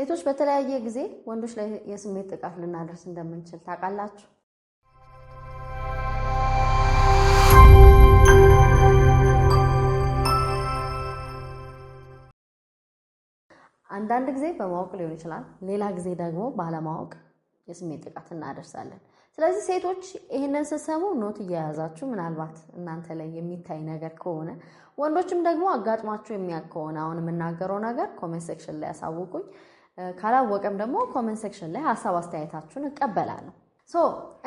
ሴቶች በተለያየ ጊዜ ወንዶች ላይ የስሜት ጥቃት ልናደርስ እንደምንችል ታውቃላችሁ? አንዳንድ ጊዜ በማወቅ ሊሆን ይችላል፣ ሌላ ጊዜ ደግሞ ባለማወቅ የስሜት ጥቃት እናደርሳለን። ስለዚህ ሴቶች ይህንን ስትሰሙ ኖት እያያዛችሁ ምናልባት እናንተ ላይ የሚታይ ነገር ከሆነ ወንዶችም ደግሞ አጋጥሟችሁ የሚያውቅ ከሆነ አሁን የምናገረው ነገር ኮሜንት ሴክሽን ላይ ያሳውቁኝ። ካላወቀም ደግሞ ኮመንት ሴክሽን ላይ ሀሳብ አስተያየታችሁን እቀበላለሁ። ሶ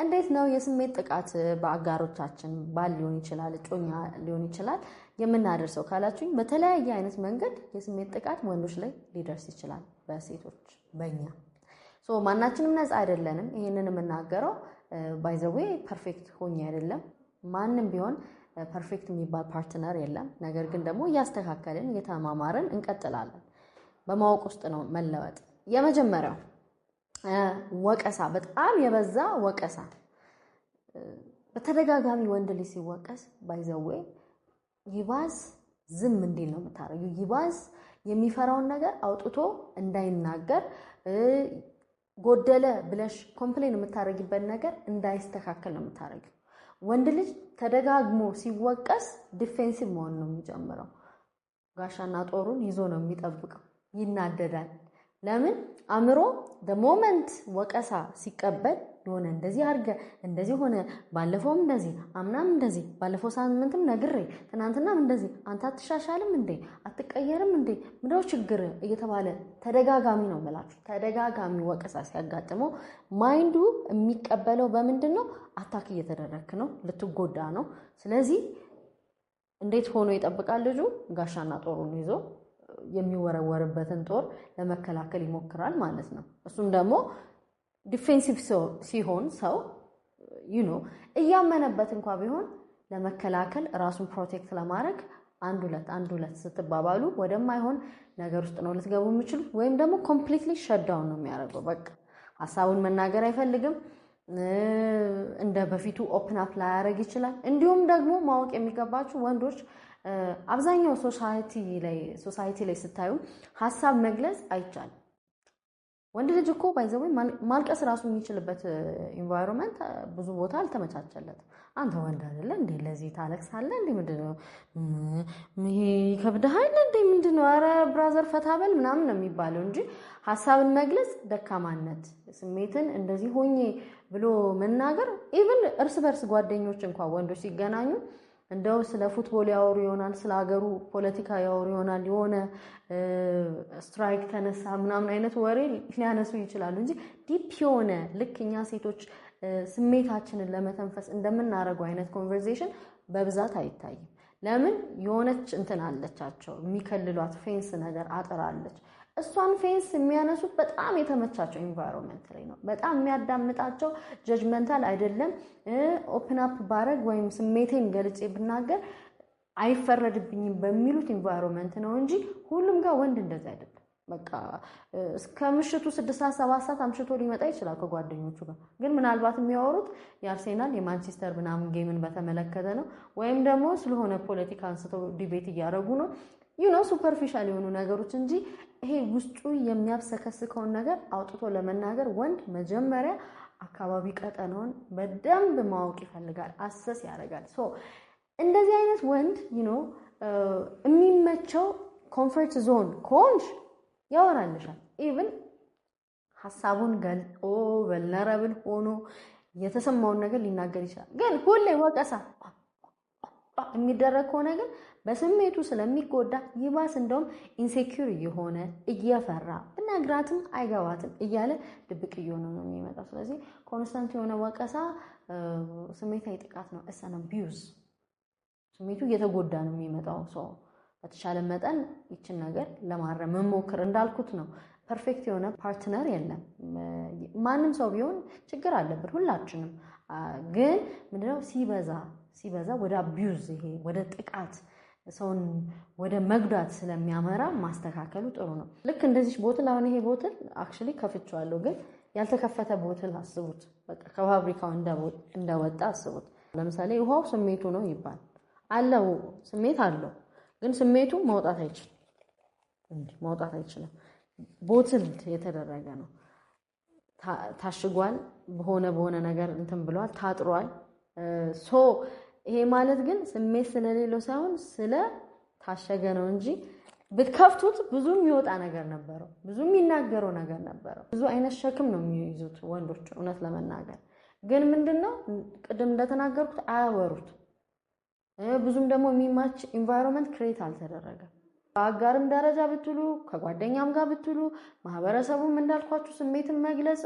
እንዴት ነው የስሜት ጥቃት በአጋሮቻችን ባል ሊሆን ይችላል፣ እጮኛ ሊሆን ይችላል የምናደርሰው ካላችሁኝ፣ በተለያየ አይነት መንገድ የስሜት ጥቃት ወንዶች ላይ ሊደርስ ይችላል፣ በሴቶች በእኛ ሶ ማናችንም ነፃ አይደለንም። ይህንን የምናገረው ባይዘዌ ፐርፌክት ሆኜ አይደለም። ማንም ቢሆን ፐርፌክት የሚባል ፓርትነር የለም። ነገር ግን ደግሞ እያስተካከልን እየተማማርን እንቀጥላለን። በማወቅ ውስጥ ነው መለወጥ። የመጀመሪያው ወቀሳ፣ በጣም የበዛ ወቀሳ። በተደጋጋሚ ወንድ ልጅ ሲወቀስ ባይዘዌ ይባዝ ዝም እንዲል ነው የምታደርገው። ይባዝ የሚፈራውን ነገር አውጥቶ እንዳይናገር ጎደለ ብለሽ ኮምፕሌን የምታደርጊበት ነገር እንዳይስተካከል ነው የምታደርጊው። ወንድ ልጅ ተደጋግሞ ሲወቀስ ዲፌንሲቭ መሆን ነው የሚጀምረው። ጋሻና ጦሩን ይዞ ነው የሚጠብቀው። ይናደዳል። ለምን አእምሮ በሞመንት ወቀሳ ሲቀበል የሆነ እንደዚህ አድርገ እንደዚህ ሆነ፣ ባለፈውም እንደዚህ አምናም እንደዚህ ባለፈው ሳምንትም ነግሬ ትናንትናም እንደዚህ አንተ አትሻሻልም እንዴ አትቀየርም እንዴ ምንድነው ችግር እየተባለ ተደጋጋሚ ነው የምላችሁ። ተደጋጋሚ ወቀሳ ሲያጋጥመው ማይንዱ የሚቀበለው በምንድን ነው? አታክ እየተደረክ ነው፣ ልትጎዳ ነው። ስለዚህ እንዴት ሆኖ ይጠብቃል ልጁ ጋሻና ጦሩን ይዞ የሚወረወርበትን ጦር ለመከላከል ይሞክራል ማለት ነው። እሱም ደግሞ ዲፌንሲቭ ሲሆን ሰው ዩኖ እያመነበት እንኳ ቢሆን ለመከላከል ራሱን ፕሮቴክት ለማድረግ አንድ ሁለት አንድ ሁለት ስትባባሉ ወደማይሆን ነገር ውስጥ ነው ልትገቡ የምችሉት። ወይም ደግሞ ኮምፕሊትሊ ሸዳውን ነው የሚያደርገው። በቃ ሀሳቡን መናገር አይፈልግም። እንደ በፊቱ ኦፕን አፕ ላያደርግ ይችላል። እንዲሁም ደግሞ ማወቅ የሚገባችሁ ወንዶች አብዛኛው ሶሳይቲ ላይ ሶሳይቲ ላይ ስታዩ ሀሳብ መግለጽ አይቻልም። ወንድ ልጅ እኮ ባይዘወይ ማልቀስ ራሱ የሚችልበት ኢንቫይሮንመንት ብዙ ቦታ አልተመቻቸለት አንተ ወንድ አይደለ እንዴ ለዚህ ታለቅሳለህ እንዴ ምንድን ይሄ ይከብድሃል እንዴ ምንድን ነው ብራዘር ፈታበል ምናምን ነው የሚባለው እንጂ ሀሳብን መግለጽ ደካማነት፣ ስሜትን እንደዚህ ሆኜ ብሎ መናገር ኢቭን እርስ በርስ ጓደኞች እንኳ ወንዶች ሲገናኙ እንደው ስለ ፉትቦል ያወሩ ይሆናል፣ ስለ ሀገሩ ፖለቲካ ያወሩ ይሆናል፣ የሆነ ስትራይክ ተነሳ ምናምን አይነት ወሬ ሊያነሱ ይችላሉ እንጂ ዲፕ የሆነ ልክ እኛ ሴቶች ስሜታችንን ለመተንፈስ እንደምናደርገው አይነት ኮንቨርሴሽን በብዛት አይታይም። ለምን? የሆነች እንትን አለቻቸው የሚከልሏት ፌንስ ነገር አጥር አለች። እሷን ፌንስ የሚያነሱት በጣም የተመቻቸው ኢንቫይሮንመንት ላይ ነው። በጣም የሚያዳምጣቸው ጀጅመንታል አይደለም። ኦፕን አፕ ባረግ ወይም ስሜቴን ገልጬ ብናገር አይፈረድብኝም በሚሉት ኢንቫይሮንመንት ነው እንጂ ሁሉም ጋር ወንድ እንደዚ አይደለም። በቃ እስከ ምሽቱ ስድስት ሰዓት ሰባት ሰዓት አምሽቶ ሊመጣ ይችላል ከጓደኞቹ ጋር ግን ምናልባት የሚያወሩት የአርሴናል የማንቸስተር ምናምን ጌምን በተመለከተ ነው። ወይም ደግሞ ስለሆነ ፖለቲካ አንስተው ዲቤት እያደረጉ ነው። ዩኖ ሱፐርፊሻል የሆኑ ነገሮች እንጂ ይሄ ውስጡ የሚያብሰከስከውን ነገር አውጥቶ ለመናገር ወንድ መጀመሪያ አካባቢ ቀጠናውን በደንብ ማወቅ ይፈልጋል፣ አሰስ ያደርጋል። ሶ እንደዚህ አይነት ወንድ ዩኖ uh, የሚመቸው ኮንፈርት ዞን ከሆንሽ ያወራልሻል። ኢቭን ሀሳቡን ገልጦ ቨልነረብል ሆኖ የተሰማውን ነገር ሊናገር ይችላል። ግን ሁሌ ወቀሳ የሚደረግ ከሆነ ግን በስሜቱ ስለሚጎዳ ይባስ እንደውም ኢንሴኪር እየሆነ እየፈራ ብናግራትም አይገባትም እያለ ድብቅ እየሆነ ነው የሚመጣው። ስለዚህ ኮንስታንት የሆነ ወቀሳ ስሜታዊ ጥቃት ነው። እሰን ቢዩዝ ስሜቱ እየተጎዳ ነው የሚመጣው ሰው በተሻለ መጠን ይችን ነገር ለማረም መሞክር እንዳልኩት ነው። ፐርፌክት የሆነ ፓርትነር የለም። ማንም ሰው ቢሆን ችግር አለብን ሁላችንም። ግን ምንድነው ሲበዛ ሲበዛ ወደ አቢዩዝ ይሄ ወደ ጥቃት ሰውን ወደ መጉዳት ስለሚያመራ ማስተካከሉ ጥሩ ነው። ልክ እንደዚህ ቦትል አሁን ይሄ ቦትል አክቹዋሊ ከፍቼዋለሁ፣ ግን ያልተከፈተ ቦትል አስቡት። በቃ ከፋብሪካው እንደወጣ አስቡት። ለምሳሌ ውሃው ስሜቱ ነው ይባል አለው፣ ስሜት አለው፣ ግን ስሜቱ መውጣት አይችልም፣ መውጣት አይችልም። ቦትል የተደረገ ነው፣ ታሽጓል፣ በሆነ በሆነ ነገር እንትን ብሏል፣ ታጥሯል ሶ ይሄ ማለት ግን ስሜት ስለሌለው ሳይሆን ስለ ታሸገ ነው እንጂ ብትከፍቱት ብዙ የሚወጣ ነገር ነበረው። ብዙ የሚናገረው ነገር ነበረው። ብዙ አይነት ሸክም ነው የሚይዙት ወንዶች። እውነት ለመናገር ግን ምንድን ነው ቅድም እንደተናገርኩት አያወሩት። ብዙም ደግሞ የሚማች ኢንቫይሮንመንት ክሬት አልተደረገም። በአጋርም ደረጃ ብትሉ ከጓደኛም ጋር ብትሉ ማህበረሰቡም እንዳልኳችሁ ስሜትን መግለጽ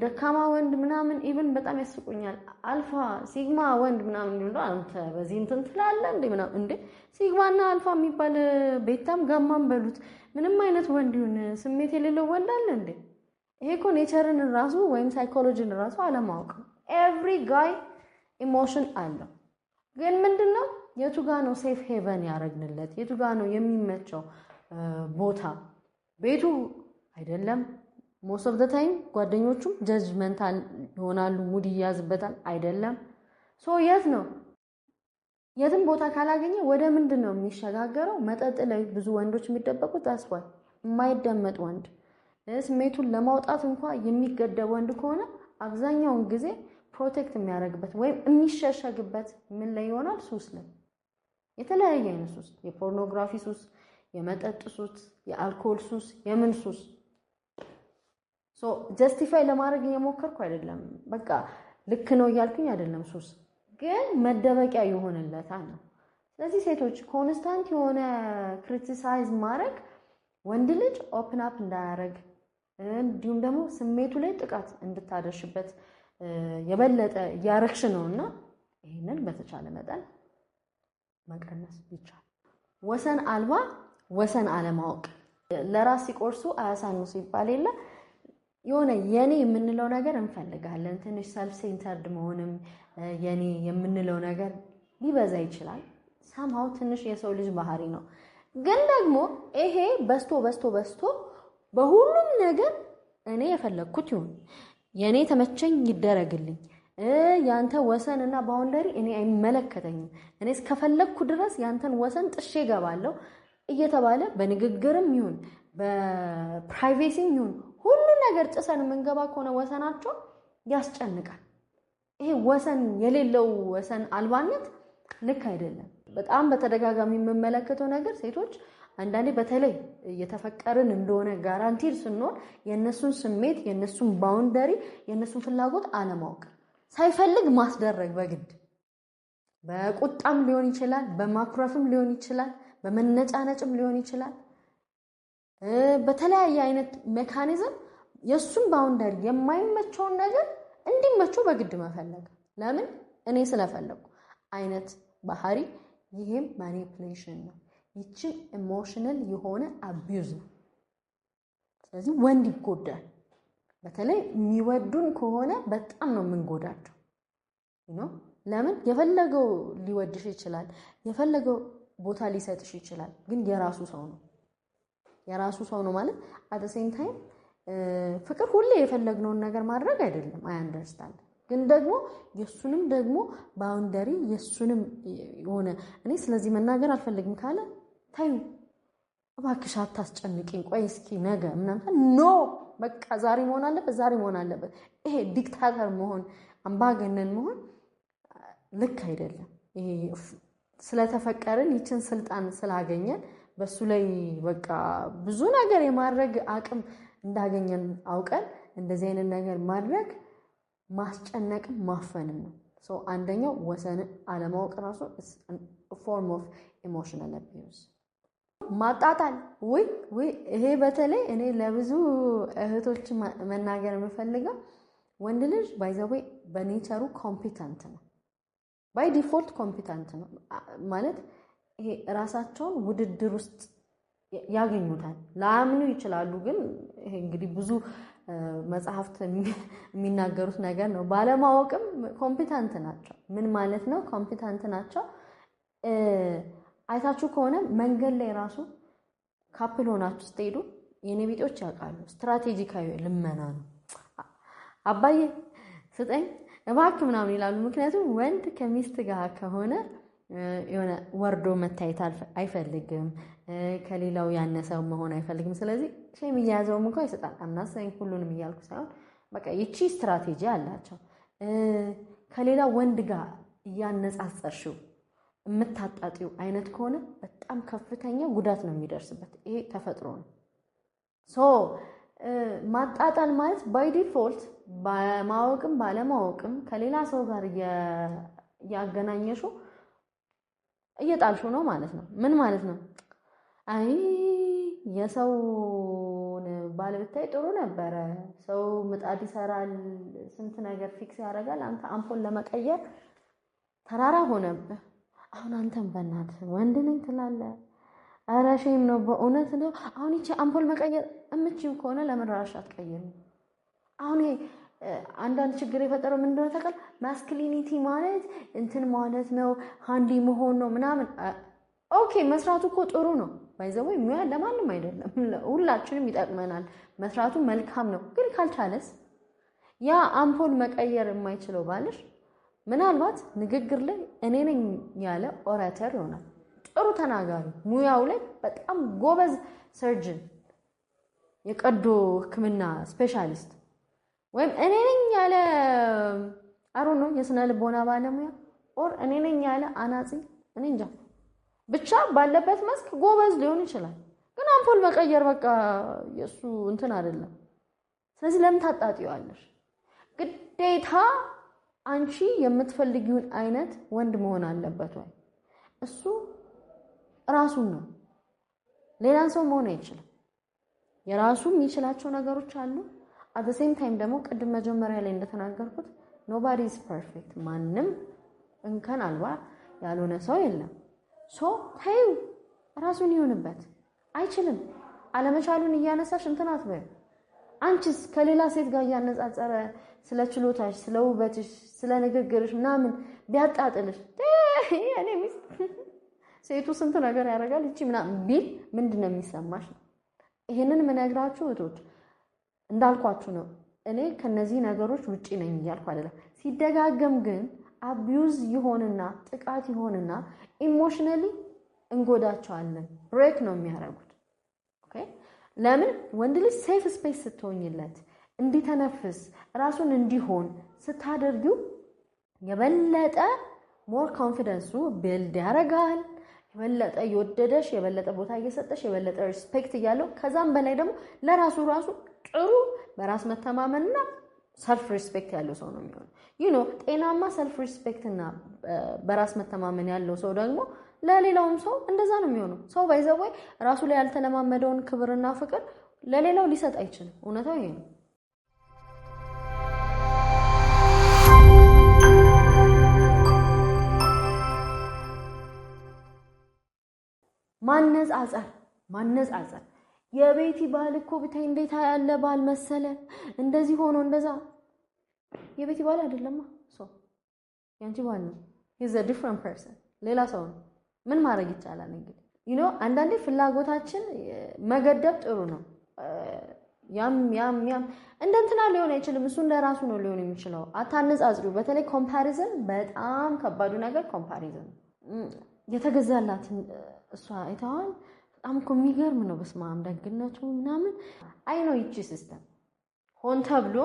ደካማ ወንድ ምናምን ኢቭን በጣም ያስቁኛል። አልፋ ሲግማ ወንድ ምናምን ሚ አንተ በዚህ እንትን ትላለህ እንዴ ምናምን እንዴ ሲግማና አልፋ የሚባል ቤታም ጋማም በሉት ምንም አይነት ወንድ ይሁን ስሜት የሌለው ወንድ አለ እንዴ? ይሄ እኮ ኔቸርን ራሱ ወይም ሳይኮሎጂን ራሱ አለማወቅ ነው። ኤቭሪ ጋይ ኢሞሽን አለው ግን ምንድን ነው የቱጋ ነው ሴፍ ሄቨን ያደረግንለት? የቱጋ ነው የሚመቸው ቦታ? ቤቱ አይደለም። ሞስት ኦፍ ዘ ታይም ጓደኞቹም ጀጅመንታል ይሆናሉ፣ ሙድ ይያዝበታል። አይደለም። ሶ የት ነው የትም ቦታ ካላገኘ ወደ ምንድን ነው የሚሸጋገረው? መጠጥ ላይ ብዙ ወንዶች የሚደበቁት አስዋል የማይደመጥ ወንድ ስሜቱን ለማውጣት እንኳ የሚገደብ ወንድ ከሆነ አብዛኛውን ጊዜ ፕሮቴክት የሚያደርግበት ወይም የሚሸሸግበት ምን ላይ ይሆናል? ሱስ ላይ የተለያየ አይነት ሱስ፣ የፖርኖግራፊ ሱስ፣ የመጠጥ ሱስ፣ የአልኮል ሱስ፣ የምን ሱስ ጀስቲፋይ ለማድረግ እየሞከርኩ አይደለም። በቃ ልክ ነው እያልኩኝ አይደለም። ሱስ ግን መደበቂያ የሆነለታል ነው። ስለዚህ ሴቶች ኮንስታንት የሆነ ክሪቲሳይዝ ማድረግ ወንድ ልጅ ኦፕን አፕ እንዳያደረግ እንዲሁም ደግሞ ስሜቱ ላይ ጥቃት እንድታደርሽበት የበለጠ እያረግሽ ነው እና ይህንን በተቻለ መጠን መቀነስ ይቻል። ወሰን አልባ ወሰን አለማወቅ ለራስ ሲቆርሱ አያሳንሱ ይባል የለ የሆነ የኔ የምንለው ነገር እንፈልጋለን። ትንሽ ሰልፍ ሴንተርድ መሆንም የኔ የምንለው ነገር ሊበዛ ይችላል። ሰምሃው ትንሽ የሰው ልጅ ባህሪ ነው። ግን ደግሞ ይሄ በስቶ በስቶ በስቶ በሁሉም ነገር እኔ የፈለግኩት ይሁን የእኔ ተመቸኝ ይደረግልኝ ያንተ ወሰን እና ባውንደሪ እኔ አይመለከተኝም፣ እኔ እስከፈለግኩ ድረስ ያንተን ወሰን ጥሼ እገባለሁ እየተባለ በንግግርም ይሁን በፕራይቬሲም ይሁን ሁሉ ነገር ጥሰን የምንገባ ከሆነ ወሰናቸው ያስጨንቃል። ይሄ ወሰን የሌለው ወሰን አልባነት ልክ አይደለም። በጣም በተደጋጋሚ የምመለከተው ነገር ሴቶች አንዳንዴ በተለይ እየተፈቀርን እንደሆነ ጋራንቲድ ስንሆን የእነሱን ስሜት የእነሱን ባውንደሪ የእነሱን ፍላጎት አለማወቅ ሳይፈልግ ማስደረግ በግድ በቁጣም ሊሆን ይችላል፣ በማኩረፍም ሊሆን ይችላል፣ በመነጫነጭም ሊሆን ይችላል። በተለያየ አይነት ሜካኒዝም የእሱም ባውንደሪ የማይመቸውን ነገር እንዲመቸው በግድ መፈለግ ለምን እኔ ስለፈለጉ አይነት ባህሪ ይህም ማኒፕሌሽን ነው። ይችን ኢሞሽናል የሆነ አቢዩዝ ነው። ስለዚህ ወንድ ይጎዳል። በተለይ የሚወዱን ከሆነ በጣም ነው የምንጎዳቸው። ለምን የፈለገው ሊወድሽ ይችላል፣ የፈለገው ቦታ ሊሰጥሽ ይችላል። ግን የራሱ ሰው ነው። የራሱ ሰው ነው ማለት አት ሴም ታይም ፍቅር ሁሌ የፈለግነውን ነገር ማድረግ አይደለም። አያንደርስታንድ ግን ደግሞ የእሱንም ደግሞ ባውንደሪ የእሱንም የሆነ እኔ ስለዚህ መናገር አልፈልግም ካለ ታዩ እባክሽ አታስጨንቂኝ፣ ቆይ እስኪ ነገ ምናምን ኖ በቃ ዛሬ መሆን አለበት፣ ዛሬ መሆን አለበት። ይሄ ዲክታተር መሆን አምባገነን መሆን ልክ አይደለም። ይሄ ስለተፈቀርን ይችን ስልጣን ስላገኘን በሱ ላይ በቃ ብዙ ነገር የማድረግ አቅም እንዳገኘን አውቀን እንደዚህ አይነት ነገር ማድረግ ማስጨነቅም ማፈንም ነው። ሰው አንደኛው ወሰን አለማወቅ ራሱ ፎርም ኦፍ ኢሞሽናል አቢዩዝ ማጣጣል ወይ ወይ ይሄ በተለይ እኔ ለብዙ እህቶች መናገር የምፈልገው ወንድ ልጅ ባይዘዌ በኔቸሩ ኮምፒተንት ነው፣ ባይ ዲፎልት ኮምፒተንት ነው ማለት ይሄ እራሳቸውን ውድድር ውስጥ ያገኙታል። ላያምኑ ይችላሉ፣ ግን ይሄ እንግዲህ ብዙ መጽሐፍት የሚናገሩት ነገር ነው። ባለማወቅም ኮምፒታንት ናቸው። ምን ማለት ነው? ኮምፒታንት ናቸው አይታችሁ ከሆነ መንገድ ላይ ራሱ ካፕል ሆናችሁ ስትሄዱ የእኔ ቢጤዎች ያውቃሉ። ስትራቴጂካዊ ልመና ነው። አባዬ ስጠኝ እባክህ ምናምን ይላሉ። ምክንያቱም ወንድ ከሚስት ጋር ከሆነ የሆነ ወርዶ መታየት አይፈልግም። ከሌላው ያነሰው መሆን አይፈልግም። ስለዚህ ሼም እያያዘውም እንኳ ይሰጣል። አምናሰኝ ሁሉንም እያልኩ ሳይሆን በቃ ይቺ ስትራቴጂ አላቸው። ከሌላ ወንድ ጋር እያነጻጸርሽው የምታጣጢው አይነት ከሆነ በጣም ከፍተኛ ጉዳት ነው የሚደርስበት። ይሄ ተፈጥሮ ነው። ሶ ማጣጣል ማለት ባይ ዲፎልት በማወቅም ባለማወቅም ከሌላ ሰው ጋር እያገናኘሹ እየጣልሹ ነው ማለት ነው። ምን ማለት ነው? አይ የሰውን ባል ብታይ ጥሩ ነበረ፣ ሰው ምጣድ ይሰራል፣ ስንት ነገር ፊክስ ያደርጋል። አንተ አምፖል ለመቀየር ተራራ ሆነብህ። አሁን አንተን በእናትህ ወንድ ነኝ ትላለህ። ኧረ ሼም ነው በእውነት ነው። አሁን ይቺ አምፖል መቀየር እምችም ከሆነ ለምን ራስሽ አትቀይርም? አሁን አንዳንድ ችግር የፈጠረው እንደሆነ ተቀል ማስክሊኒቲ ማለት እንትን ማለት ነው፣ ሃንዲ መሆን ነው ምናምን። ኦኬ መስራቱ እኮ ጥሩ ነው። ባይዘወይ ሙያ ለማንም አይደለም፣ ሁላችንም ይጠቅመናል። መስራቱ መልካም ነው። ግን ካልቻለስ ያ አምፖል መቀየር የማይችለው ባልሽ ምናልባት ንግግር ላይ እኔ ነኝ ያለ ኦራተር ይሆናል። ጥሩ ተናጋሪ፣ ሙያው ላይ በጣም ጎበዝ ሰርጅን፣ የቀዶ ሕክምና ስፔሻሊስት ወይም እኔ ነኝ ያለ አሩ ነው የስነ ልቦና ባለሙያ ኦር እኔ ነኝ ያለ አናጺ፣ እኔ እንጃ ብቻ ባለበት መስክ ጎበዝ ሊሆን ይችላል። ግን አምፖል መቀየር በቃ የእሱ እንትን አይደለም። ስለዚህ ለምን ታጣጥዋለሽ? ግዴታ አንቺ የምትፈልጊውን አይነት ወንድ መሆን አለበት ወይ? እሱ ራሱን ነው፣ ሌላን ሰው መሆን አይችልም። የራሱ የሚችላቸው ነገሮች አሉ። አት ሴም ታይም ደግሞ ቅድም መጀመሪያ ላይ እንደተናገርኩት ኖባዲ ኢዝ ፐርፌክት፣ ማንም እንከን አልባ ያልሆነ ሰው የለም። ሶ ተይው፣ ራሱን ይሁንበት። አይችልም አለመቻሉን እያነሳሽ እንትን አትበይው። አንቺስ ከሌላ ሴት ጋር እያነጻጸረ ስለ ችሎታሽ፣ ስለ ውበትሽ፣ ስለ ንግግርሽ ምናምን ቢያጣጥልሽ እኔ ሚስት ሴቱ ስንት ነገር ያደርጋል እቺ ምናምን ቢል ምንድን ነው የሚሰማሽ? ነው ምን ምነግራችሁ እህቶች እንዳልኳችሁ ነው። እኔ ከነዚህ ነገሮች ውጪ ነኝ እያልኩ አይደለም። ሲደጋገም ግን አቢዩዝ ይሆንና ጥቃት ይሆንና ኢሞሽነሊ እንጎዳቸዋለን። ብሬክ ነው የሚያደርጉት። ኦኬ ለምን ወንድ ልጅ ሴፍ ስፔስ ስትሆኝለት እንዲተነፍስ ራሱን እንዲሆን ስታደርጊው የበለጠ ሞር ኮንፊደንሱ ቢልድ ያደርጋል። የበለጠ እየወደደሽ የበለጠ ቦታ እየሰጠሽ የበለጠ ሪስፔክት እያለው ከዛም በላይ ደግሞ ለራሱ ራሱ ጥሩ በራስ መተማመንና ሰልፍ ሪስፔክት ያለው ሰው ነው የሚሆነው። ዩ ኖ ጤናማ ሰልፍ ሪስፔክትና በራስ መተማመን ያለው ሰው ደግሞ ለሌላውም ሰው እንደዛ ነው የሚሆነው። ሰው ባይዘወይ ራሱ ላይ ያልተለማመደውን ክብርና ፍቅር ለሌላው ሊሰጥ አይችልም። እውነታው ይሄ ነው። ማነጻጸር ማነጻጸር የቤቲ ባል እኮ ብታይ እንዴት ያለ ባል መሰለ፣ እንደዚህ ሆኖ እንደዛ። የቤቲ ባል አይደለማ ሶ ያንቺ ባል ነው። ሂዝ አ ዲፍረንት ፐርሰን፣ ሌላ ሰው ነው። ምን ማድረግ ይቻላል? እንግዲህ ዩ ኖ አንዳንዴ ፍላጎታችን መገደብ ጥሩ ነው። ያም ያም ያም እንደ እንትና ሊሆን አይችልም። እሱ እንደ ራሱ ነው ሊሆን የሚችለው። አታነጻጽሪው። በተለይ ኮምፓሪዝን በጣም ከባዱ ነገር ኮምፓሪዝን። የተገዛላትን እሷ አይተዋል። በጣም እኮ የሚገርም ነው። በስመ አብ ደግነቱ ምናምን አይ ነው። ይቺ ሲስተም ሆን ተብሎ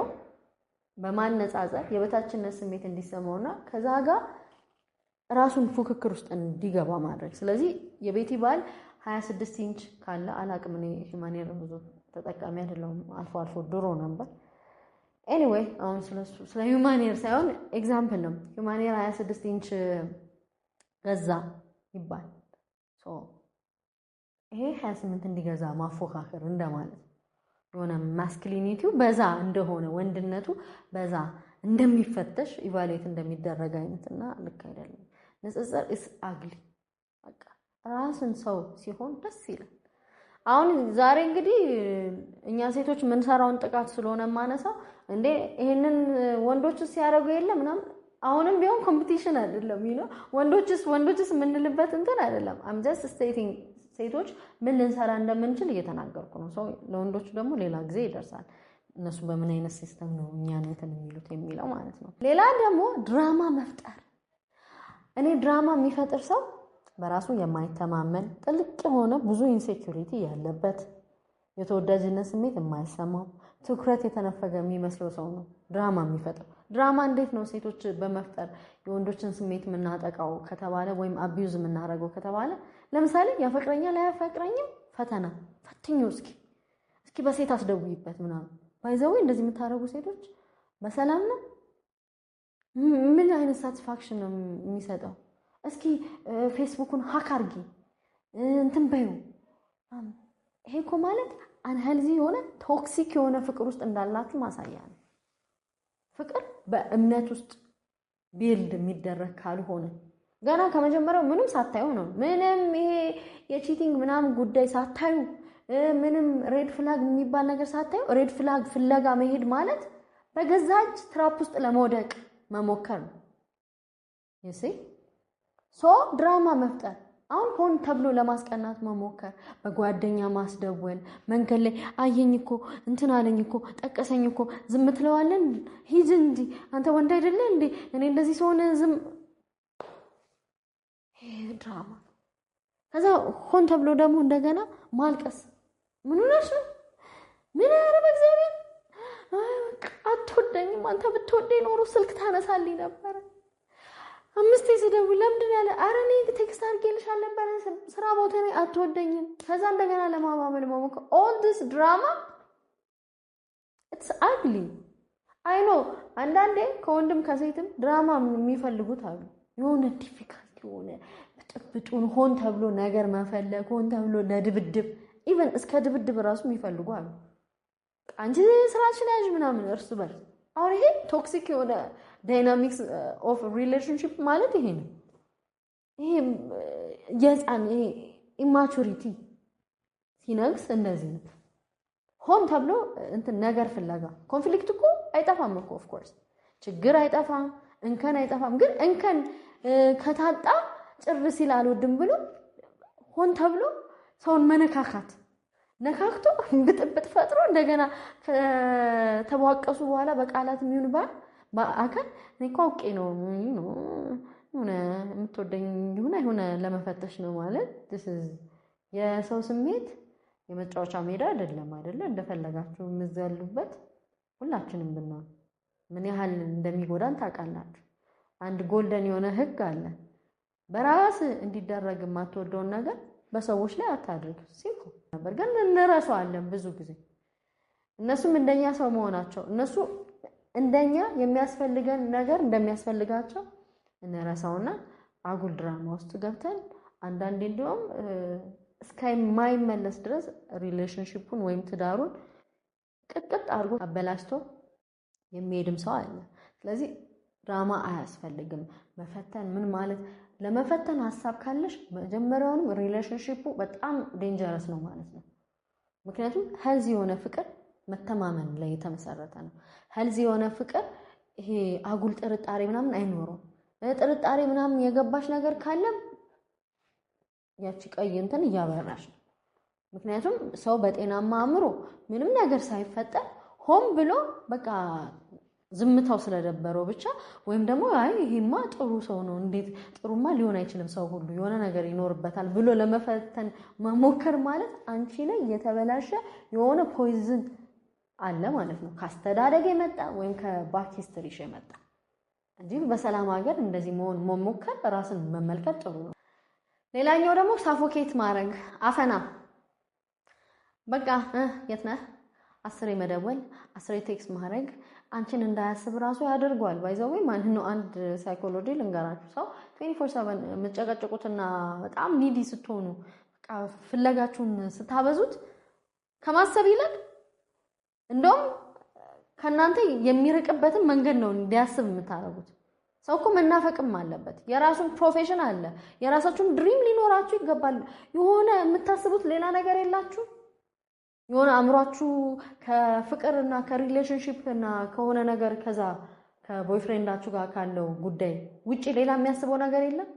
በማነጻጸር የበታችነት ስሜት እንዲሰማውና ከዛ ጋር ራሱን ፉክክር ውስጥ እንዲገባ ማድረግ። ስለዚህ የቤቲ ባል 26 ኢንች ካለ አላቅም እኔ ሂማኔር ብዙ ተጠቃሚ አይደለሁም። አልፎ አልፎ ድሮ ነበር። ኤኒዌይ አሁን ስለ ሂማኔር ሳይሆን ኤግዛምፕል ነው። ሂማኔር 26 ኢንች ገዛ ይባል ይሄ 28 እንዲገዛ ማፎካከር እንደማለት የሆነ ማስክሊኒቲው በዛ እንደሆነ ወንድነቱ በዛ እንደሚፈተሽ ኢቫሌት እንደሚደረግ አይነት እና ልክ አይደለም። ንጽጽር ኢስ አግሊ በቃ ራስን ሰው ሲሆን ደስ ይላል። አሁን ዛሬ እንግዲህ እኛ ሴቶች የምንሰራውን ጥቃት ስለሆነ የማነሳው እንዴ ይሄንን ወንዶች ሲያደርጉ የለም ምናምን አሁንም ቢሆን ኮምፒቲሽን አይደለም ይኖ ወንዶችስ ወንዶችስ የምንልበት እንትን አይደለም። አም ጀስት ስቴቲንግ ሴቶች ምን ልንሰራ እንደምንችል እየተናገርኩ ነው። ሰው ለወንዶቹ ደግሞ ሌላ ጊዜ ይደርሳል። እነሱ በምን አይነት ሲስተም ነው እኛን እንትን የሚሉት የሚለው ማለት ነው። ሌላ ደግሞ ድራማ መፍጠር እኔ ድራማ የሚፈጥር ሰው በራሱ የማይተማመን ጥልቅ የሆነ ብዙ ኢንሴኪሪቲ ያለበት የተወዳጅነት ስሜት የማይሰማው ትኩረት የተነፈገ የሚመስለው ሰው ነው ድራማ የሚፈጥረው። ድራማ እንዴት ነው ሴቶች በመፍጠር የወንዶችን ስሜት የምናጠቃው ከተባለ ወይም አቢዩዝ የምናደርገው ከተባለ ለምሳሌ ያፈቅረኛ ላያፈቅረኛ ፈተና ፈትኙ፣ እስኪ እስኪ በሴት አስደውይበት ምናምን ባይዘዌ እንደዚህ የምታደርጉ ሴቶች በሰላም ነው ምን አይነት ሳቲስፋክሽን ነው የሚሰጠው? እስኪ ፌስቡኩን ሀክ አርጊ እንትን በዩ። ይሄ እኮ ማለት አንሄልዚ የሆነ ቶክሲክ የሆነ ፍቅር ውስጥ እንዳላችሁ ማሳያ ነው። ፍቅር በእምነት ውስጥ ቢልድ የሚደረግ ካልሆነ ገና ከመጀመሪያው ምንም ሳታዩ ነው ምንም ይሄ የቺቲንግ ምናምን ጉዳይ ሳታዩ ምንም ሬድ ፍላግ የሚባል ነገር ሳታዩ ሬድ ፍላግ ፍለጋ መሄድ ማለት በገዛ እጅ ትራፕ ውስጥ ለመውደቅ መሞከር ነው። ይሲ ሶ ድራማ መፍጠር አሁን ሆን ተብሎ ለማስቀናት መሞከር፣ በጓደኛ ማስደወል፣ መንገድ ላይ አየኝ እኮ እንትን አለኝ እኮ ጠቀሰኝ እኮ ዝም ትለዋለን። ሂድ እንዲ አንተ ወንድ አይደለ እንዴ? እኔ እንደዚህ ሰሆነ ዝም ድራማ። ከዛ ሆን ተብሎ ደግሞ እንደገና ማልቀስ። ምን ሆነሽ ነው? ምን ያረበ እግዚአብሔር በቃ አትወደኝም። አንተ ብትወደኝ ኖሮ ስልክ ታነሳልኝ ነበረ። አምስቴ ስደውል ለምንድን ያለ ኧረ እኔ ቴክስት አድርጌልሽ አልነበረ ስራ ቦታ ላይ አትወደኝም። ከዛ እንደገና ለማማመን መሞከር ኦል ዲስ ድራማ ኢትስ አግሊ አይ ኖ። አንዳንዴ ከወንድም ከሴትም ድራማ የሚፈልጉት አሉ። የሆነ ዲፊካልት የሆነ ብጥብጡን ሆን ተብሎ ነገር መፈለግ ሆን ተብሎ ለድብድብ ኢቨን እስከ ድብድብ እራሱ የሚፈልጉ አሉ። አንቺ ስራሽን ያዥ ምናምን እርሱ በል አሁን ይሄ ቶክሲክ የሆነ ዳይናሚክስ ኦፍ ሪሌሽንሽፕ ማለት ይሄ ነው። ይሄ uh, የህፃን ይሄ ኢማቹሪቲ ሲነግስ እንደዚህ ነው። ሆን ተብሎ እንትን ነገር ፍለጋ ኮንፍሊክት እኮ አይጠፋም እኮ ኦፍኮርስ፣ ችግር አይጠፋም፣ እንከን አይጠፋም። ግን እንከን uh, ከታጣ ጭር ሲል አልወድም ብሎ ሆን ተብሎ ሰውን መነካካት ነካክቶ ብጥብጥ ፈጥሮ እንደገና ከተቧቀሱ በኋላ በቃላት የሚሆን ባል አካል እኔ እኮ አውቄ ነው ሆነ የምትወደኝ ሆነ የሆነ ለመፈተሽ ነው ማለት የሰው ስሜት የመጫወቻ ሜዳ አይደለም፣ አይደለ? እንደፈለጋችሁ ያሉበት ሁላችንም ብንሆን ምን ያህል እንደሚጎዳን ታውቃላችሁ። አንድ ጎልደን የሆነ ህግ አለ። በራስ እንዲደረግ የማትወደውን ነገር በሰዎች ላይ አታድርግ ሲል ነበር። ግን እንረሳዋለን ብዙ ጊዜ። እነሱም እንደኛ ሰው መሆናቸው እነሱ እንደኛ የሚያስፈልገን ነገር እንደሚያስፈልጋቸው እንረሳውና አጉል ድራማ ውስጥ ገብተን አንዳንዴ እንዲሁም እስከማይመለስ ድረስ ሪሌሽንሽፑን ወይም ትዳሩን ቅጥቅጥ አድርጎ አበላሽቶ የሚሄድም ሰው አለ። ስለዚህ ድራማ አያስፈልግም። መፈተን ምን ማለት ለመፈተን ሀሳብ ካለሽ መጀመሪያውንም ሪሌሽንሽፑ በጣም ዴንጀረስ ነው ማለት ነው። ምክንያቱም ሄልዚ የሆነ ፍቅር መተማመን ላይ የተመሰረተ ነው። ሄልዚ የሆነ ፍቅር ይሄ አጉል ጥርጣሬ ምናምን አይኖረውም። ጥርጣሬ ምናምን የገባሽ ነገር ካለም ያቺ ቀይ እንትን እያበራሽ ነው። ምክንያቱም ሰው በጤናማ አእምሮ ምንም ነገር ሳይፈጠር ሆን ብሎ በቃ ዝምታው ስለደበረው ብቻ ወይም ደግሞ አይ ይሄማ ጥሩ ሰው ነው፣ እንዴት ጥሩማ ሊሆን አይችልም፣ ሰው ሁሉ የሆነ ነገር ይኖርበታል ብሎ ለመፈተን መሞከር ማለት አንቺ ላይ የተበላሸ የሆነ ፖይዝን አለ ማለት ነው። ከአስተዳደግ የመጣ ወይም ከባክ ሂስትሪሽ የመጣ እንጂ በሰላም ሀገር እንደዚህ መሆን መሞከር ራስን መመልከት ጥሩ ነው። ሌላኛው ደግሞ ሳፎኬት ማድረግ አፈና በቃ የት ነህ አስሬ መደወል አስሬ ቴክስት ማድረግ አንቺን እንዳያስብ ራሱ ያደርገዋል። ባይዘወይ ማን ነው። አንድ ሳይኮሎጂ ልንገራችሁ፣ ሰው ሰቨን የምትጨቀጭቁትና በጣም ኒዲ ስትሆኑ ፍለጋችሁን ስታበዙት ከማሰብ ይልቅ እንደውም ከእናንተ የሚርቅበትን መንገድ ነው እንዲያስብ የምታደርጉት። ሰው እኮ መናፈቅም አለበት። የራሱን ፕሮፌሽን አለ። የራሳችሁን ድሪም ሊኖራችሁ ይገባል። የሆነ የምታስቡት ሌላ ነገር የላችሁ የሆነ አእምሯችሁ ከፍቅር እና ከሪሌሽንሽፕ እና ከሆነ ነገር ከዛ ከቦይፍሬንዳችሁ ጋር ካለው ጉዳይ ውጭ ሌላ የሚያስበው ነገር የለም።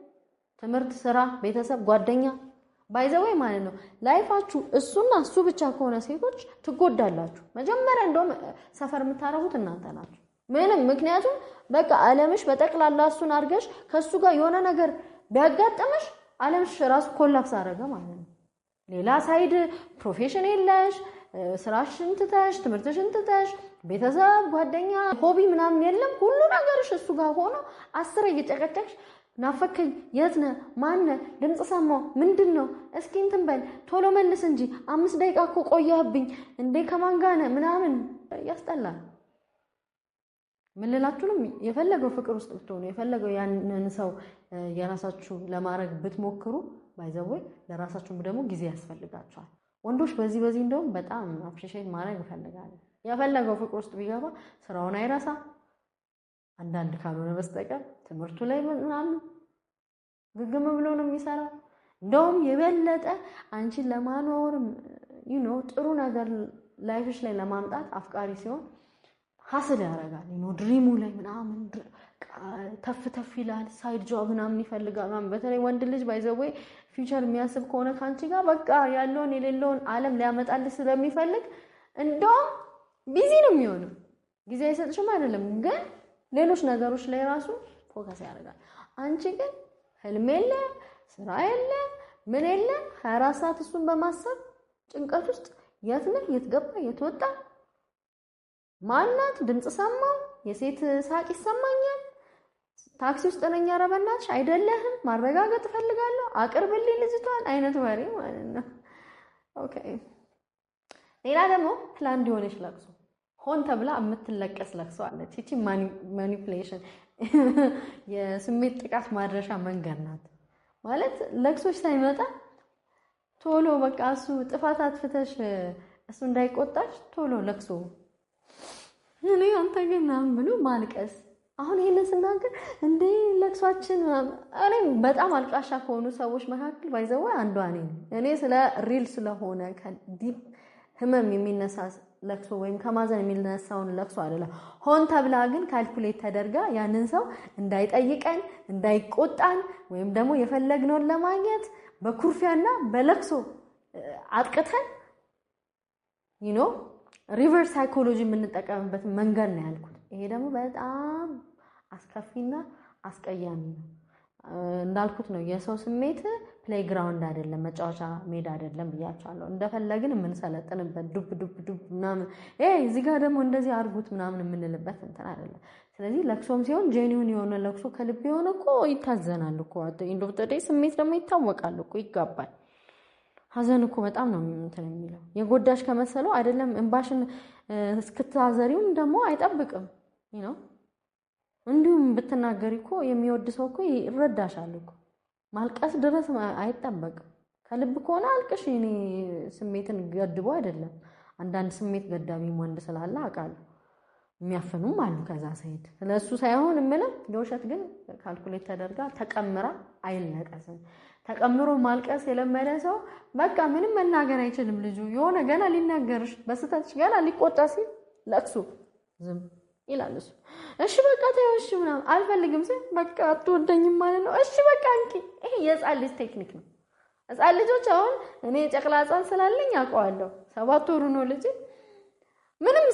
ትምህርት፣ ስራ፣ ቤተሰብ፣ ጓደኛ ባይዘወይ ማለት ነው። ላይፋችሁ እሱና እሱ ብቻ ከሆነ ሴቶች ትጎዳላችሁ። መጀመሪያ እንደውም ሰፈር የምታረጉት እናንተ ናችሁ። ምንም ምክንያቱም በቃ አለምሽ በጠቅላላ እሱን አድርገሽ ከእሱ ጋር የሆነ ነገር ቢያጋጥምሽ አለምሽ ራሱ ኮላፕስ አደረገ ማለት ነው። ሌላ ሳይድ ፕሮፌሽን የለሽ ስራሽን ትተሽ ትምህርትሽን ትተሽ ቤተሰብ፣ ጓደኛ፣ ሆቢ ምናምን የለም። ሁሉ ነገርሽ እሱ ጋር ሆኖ አስር እየጨቀጨቅሽ ናፈከኝ፣ የት ነህ? ማን ነህ? ድምፅ ሰማሁ፣ ምንድን ነው? እስኪ እንትን በል ቶሎ መልስ እንጂ አምስት ደቂቃ እኮ ቆየህብኝ እንዴ! ከማን ጋር ነህ? ምናምን ያስጠላል። ምን የፈለገው ፍቅር ውስጥ ብትሆኑ የፈለገው ያንን ሰው የራሳችሁ ለማድረግ ብትሞክሩ ባይዘዌ ለራሳችሁም ደግሞ ጊዜ ያስፈልጋቸዋል። ወንዶች በዚህ በዚህ እንደውም በጣም አፕሪሼት ማድረግ ይፈልጋሉ። የፈለገው ፍቅር ውስጥ ቢገባ ስራውን አይረሳ አንዳንድ ካልሆነ በስተቀር ትምህርቱ ላይ ምናምን ግግም ብሎ ነው የሚሰራው። እንደውም የበለጠ አንቺን ለማኖር ዩኖ ጥሩ ነገር ላይፍሽ ላይ ለማምጣት አፍቃሪ ሲሆን ሀስል ያደርጋል። ኖ ድሪሙ ላይ ምናምን ተፍ ተፍ ይላል። ሳይድ ጆብ ምናምን ይፈልጋል። በተለይ ወንድ ልጅ ባይዘወይ ፊውቸር የሚያስብ ከሆነ ከአንቺ ጋር በቃ ያለውን የሌለውን አለም ሊያመጣልህ ስለሚፈልግ እንደውም ቢዚ ነው የሚሆነው። ጊዜ አይሰጥሽም አይደለም፣ ግን ሌሎች ነገሮች ላይ ራሱ ፎከስ ያደርጋል። አንቺ ግን ህልም የለ፣ ስራ የለ፣ ምን የለ፣ ሀያ አራት ሰዓት እሱን በማሰብ ጭንቀት ውስጥ የት ነህ፣ የት ገባ፣ የት ወጣ፣ ማናት፣ ድምፅ ሰማው፣ የሴት ሳቅ ይሰማኛል ታክሲ ውስጥ ነኝ። ኧረ በእናትሽ አይደለህም፣ ማረጋገጥ እፈልጋለሁ፣ አቅርብልኝ ልጅቷን አይነት ወሬ ማለት ነው። ኦኬ። ሌላ ደግሞ ፕላን እንዲሆነች ለቅሶ፣ ሆን ተብላ የምትለቀስ ለቅሶ አለች። ይቺ ማኒፕሌሽን የስሜት ጥቃት ማድረሻ መንገድ ናት ማለት ለቅሶች ሳይመጣ ቶሎ በቃ እሱ ጥፋት አትፍተሽ እሱ እንዳይቆጣሽ ቶሎ ለቅሶ እኔ አንተ ግን ምናምን ብሎ ማልቀስ አሁን ይህንን ስናገር እንዴ ለቅሷችን እኔ በጣም አልቃሻ ከሆኑ ሰዎች መካከል ባይዘዋ አንዷ ነኝ። እኔ ስለ ሪል ስለሆነ ከዲፕ ህመም የሚነሳ ለቅሶ ወይም ከማዘን የሚነሳውን ለቅሶ አይደለም። ሆን ተብላ ግን ካልኩሌት ተደርጋ ያንን ሰው እንዳይጠይቀን፣ እንዳይቆጣን ወይም ደግሞ የፈለግነውን ለማግኘት በኩርፊያና በለቅሶ አጥቅተን ሪቨርስ ሳይኮሎጂ የምንጠቀምበት መንገድ ነው ያልኩት። ይሄ ደግሞ በጣም አስከፊና አስቀያሚ ነው። እንዳልኩት ነው የሰው ስሜት ፕሌይግራውንድ አይደለም፣ መጫወቻ ሜዳ አይደለም ብያቸዋለሁ። እንደፈለግን የምንሰለጥንበት ዱብ ዱብ ዱብ ምናምን እዚህ ጋር ደግሞ እንደዚህ አድርጉት ምናምን የምንልበት እንትን አይደለም። ስለዚህ ለቅሶም ሲሆን ጄኒውን የሆነ ለቅሶ ከልብ የሆነ እኮ ይታዘናል እኮ ኢንዶፕጠዴ ስሜት ደግሞ ይታወቃል እኮ ይጋባል። ሀዘን እኮ በጣም ነው እንትን የሚለው የጎዳሽ ከመሰለው አይደለም እምባሽን እስክታዘሪውም ደግሞ አይጠብቅም ነው እንዲሁም ብትናገሪ እኮ የሚወድ ሰው እኮ ይረዳሻል እኮ ማልቀስ ድረስ አይጠበቅም። ከልብ ከሆነ አልቅሽ። እኔ ስሜትን ገድቦ አይደለም። አንዳንድ ስሜት ገዳቢም ወንድ ስላለ አውቃለሁ። የሚያፍኑም አሉ። ከዛ ሳይድ ስለሱ ሳይሆን የምልህ የውሸት ግን ካልኩሌት ተደርጋ ተቀምራ አይለቀስም። ተቀምሮ ማልቀስ የለመደ ሰው በቃ ምንም መናገር አይችልም። ልጁ የሆነ ገና ሊናገርሽ በስተትሽ ገና ሊቆጣ ሲል ለቅሱ ዝም ይላል እሱ። እሺ በቃ ተይው፣ እሺ ምናምን አልፈልግም ስል በቃ አትወደኝም ማለት ነው። እሺ በቃ እንኪ። ይሄ የህፃን ልጅ ቴክኒክ ነው። ህፃን ልጆች አሁን እኔ ጨቅላ ህፃን ስላለኝ አውቀዋለሁ። ሰባት ወሩ ነው ልጅ ምንም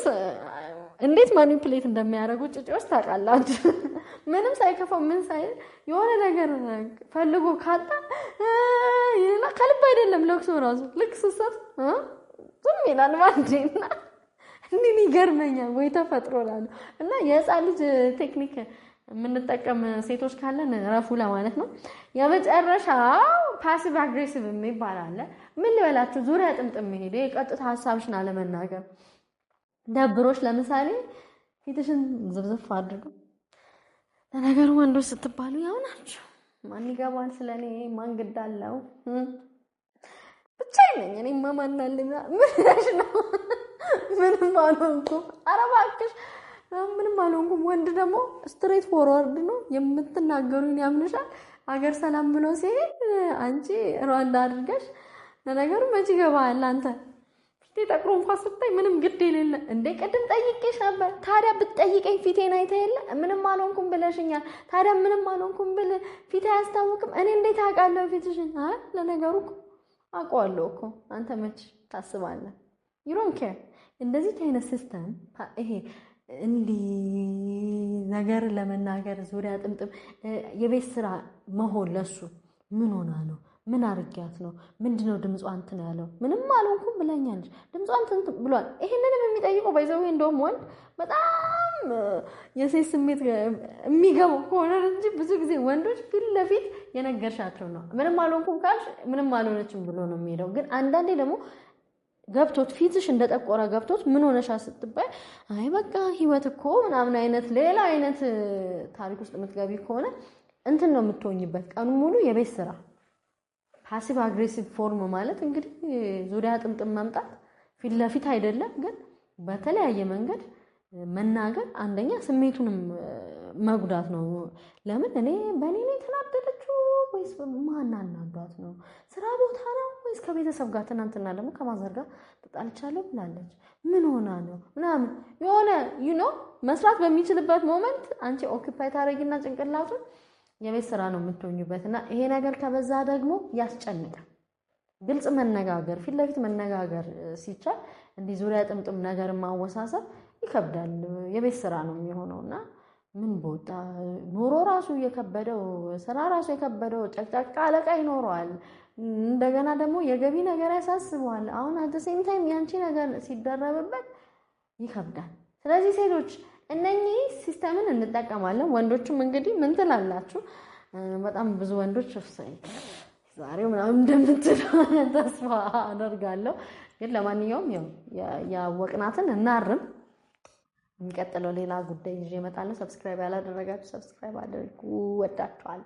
እንዴት ማኒፕሌት እንደሚያደርጉ ጭጭዎች ታውቃላችሁ። ምንም ሳይከፋው ምን ሳይል የሆነ ነገር ፈልጎ ካጣ ይልና ከልብ አይደለም ለቅሶ ራሱ ልክ ስሰት ዝም ይላል ማንዴና እኔን ይገርመኛል ወይ ተፈጥሮ እላለሁ። እና የህፃን ልጅ ቴክኒክ የምንጠቀም ሴቶች ካለን ረፉ ለማለት ነው። የመጨረሻ ፓሲቭ አግሬሲቭ የሚባል አለ። ምን ልበላችሁ፣ ዙሪያ ጥምጥም መሄድ፣ የቀጥታ ሀሳብሽን አለመናገር። ደብሮች ለምሳሌ ፊትሽን ዝብዝፍ አድርጉ። ለነገሩ ወንዶች ስትባሉ ያው ናቸው። ማን ይገባል ስለ እኔ ማን ግድ አለው? ብቻ ይነኝ እኔማ ማናለኝ ምንሽ ነው ምንም አልሆንኩም። ኧረ እባክሽ ምንም አልሆንኩም። ወንድ ደግሞ ስትሬት ፎርዋርድ ነው። የምትናገሩኝ ያምንሻል። አገር ሰላም ብሎ ሲሄድ አንቺ ሩዋንዳ አድርገሽ ለነገሩ መች ይገባሃል አንተ ፊቴ እንኳን ስታይ ምንም ግድ የሌለ እንዴ። ቅድም ጠይቄሽ ነበር። ታዲያ ብትጠይቀኝ ፊቴን አይተ የለ ምንም አልሆንኩም ብለሽኛል። ታዲያ ምንም አልሆንኩም ብል ፊቴ አያስታውቅም? እኔ እንዴት አውቃለሁ ፊትሽን? አይ ለነገሩ አውቀዋለሁ እኮ አንተ መች ታስባለህ? ይሮን ኬር እንደዚህ አይነት ሲስተም ይሄ እንዲህ ነገር ለመናገር ዙሪያ ጥምጥም የቤት ስራ መሆን ለሱ ምን ሆና ነው? ምን አርጊያት ነው? ምንድነው ድምጿ እንትን ያለው? ምንም አልሆንኩም ብለኛለች። ድምጿ እንትን ብሏል። ይሄንንም የሚጠይቀው ባይዘው እንደውም ወንድ በጣም የሴት ስሜት የሚገቡ ከሆነ እንጂ ብዙ ጊዜ ወንዶች ፊት ለፊት የነገርሻቸው ነው ምንም አልሆንኩም ካልሽ ምንም አልሆነችም ብሎ ነው የሚሄደው። ግን አንዳንዴ ደግሞ ገብቶት ፊትሽ እንደጠቆረ ገብቶት ምን ሆነሻ ስትባይ አይ በቃ ህይወት እኮ ምናምን አይነት ሌላ አይነት ታሪክ ውስጥ የምትገቢ ከሆነ እንትን ነው የምትሆኝበት። ቀኑ ሙሉ የቤት ስራ ፓሲቭ አግሬሲቭ ፎርም ማለት እንግዲህ ዙሪያ ጥምጥም መምጣት ፊት ለፊት አይደለም፣ ግን በተለያየ መንገድ መናገር አንደኛ ስሜቱንም መጉዳት ነው። ለምን እኔ በእኔ ነው የተናደደችው ወይስ ማን አናዷት ነው? ስራ ቦታ ነው ወይስ ከቤተሰብ ጋር? ትናንትና ደግሞ ከማዘር ጋር ተጣልቻለሁ ብላለች። ምን ሆና ነው ምናምን የሆነ ዩኖ መስራት በሚችልበት ሞመንት አንቺ ኦኪፓይ ታደረጊና ጭንቅላቱን የቤት ስራ ነው የምትሆኙበት። እና ይሄ ነገር ከበዛ ደግሞ ያስጨንቃል። ግልጽ መነጋገር፣ ፊት ለፊት መነጋገር ሲቻል እንዲህ ዙሪያ ጥምጥም ነገር ማወሳሰብ ይከብዳል። የቤት ስራ ነው የሚሆነው እና ምን በወጣ ኑሮ ራሱ የከበደው ስራ ራሱ የከበደው ጨቅጫቃ አለቃ ይኖረዋል። እንደገና ደግሞ የገቢ ነገር ያሳስበዋል። አሁን አደሴም ታይም ያንቺ ነገር ሲደረብበት ይከብዳል። ስለዚህ ሴቶች እነኚህ ሲስተምን እንጠቀማለን። ወንዶችም እንግዲህ ምን ትላላችሁ? በጣም ብዙ ወንዶች ዛሬው ምናምን እንደምትለው ተስፋ አደርጋለሁ። ግን ለማንኛውም ያወቅናትን እናርም። የሚቀጥለው ሌላ ጉዳይ ይዤ እመጣለሁ። ሰብስክራይብ ያላደረጋችሁ ሰብስክራይብ አድርጉ። ወዳችኋል።